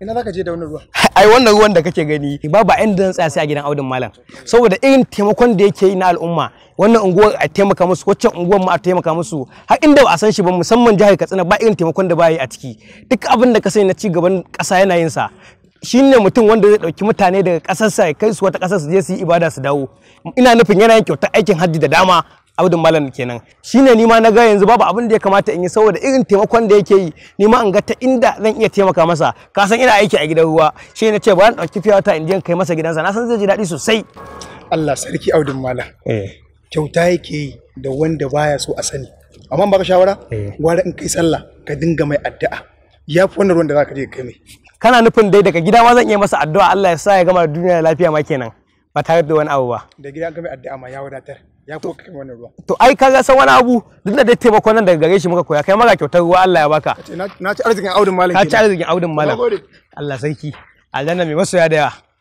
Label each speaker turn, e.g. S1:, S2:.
S1: ina zaka je da wannan ruwa
S2: ai wannan ruwan da kake gani babu inda zan tsaya sai a gidan audin malam saboda irin taimakon da yake yi na al'umma wannan unguwar a taimaka musu waccan unguwar ma a taimaka musu har inda ba a san shi ba musamman jihar Katsina ba irin taimakon da ba yi a ciki duk abin da ka sani na ci gaban ƙasa yana yin sa ne mutum wanda zai dauki mutane daga kasarsa ya kai su wata kasar su je su yi ibada su dawo ina nufin yana yin kyautar aikin hajji da dama abdul malam kenan shine ni ma na ga yanzu babu abin da ya kamata in yi saboda irin taimakon da yake yi ni ma an ga ta inda zan iya taimaka masa ka san ina aiki a gidan ruwa shi na ce ba zan ɗauki ta in je kai masa gidansa na san zai ji daɗi sosai Allah sarki abdul malam eh. kyauta yake yi da wanda baya so a sani amma ba ka shawara eh. gwara in kai sallah ka dinga mai addu'a ya fi wannan ruwan da zaka je kai mai kana nufin dai daga gida ma zan iya masa addu'a Allah ya sa ya gama duniya lafiya ma kenan ba tare da wani abu ba
S1: da gidan kame addu'a ma ya wadatar ya ko kake wannan ruwa to
S2: ai kaga san wani abu duk da dai taimako nan daga gare shi muka koya kai mara kyautar ruwa Allah ya baka na ci arzikin audin malam ka ci arzikin audin malam Allah sarki aljanna mai masoya da yawa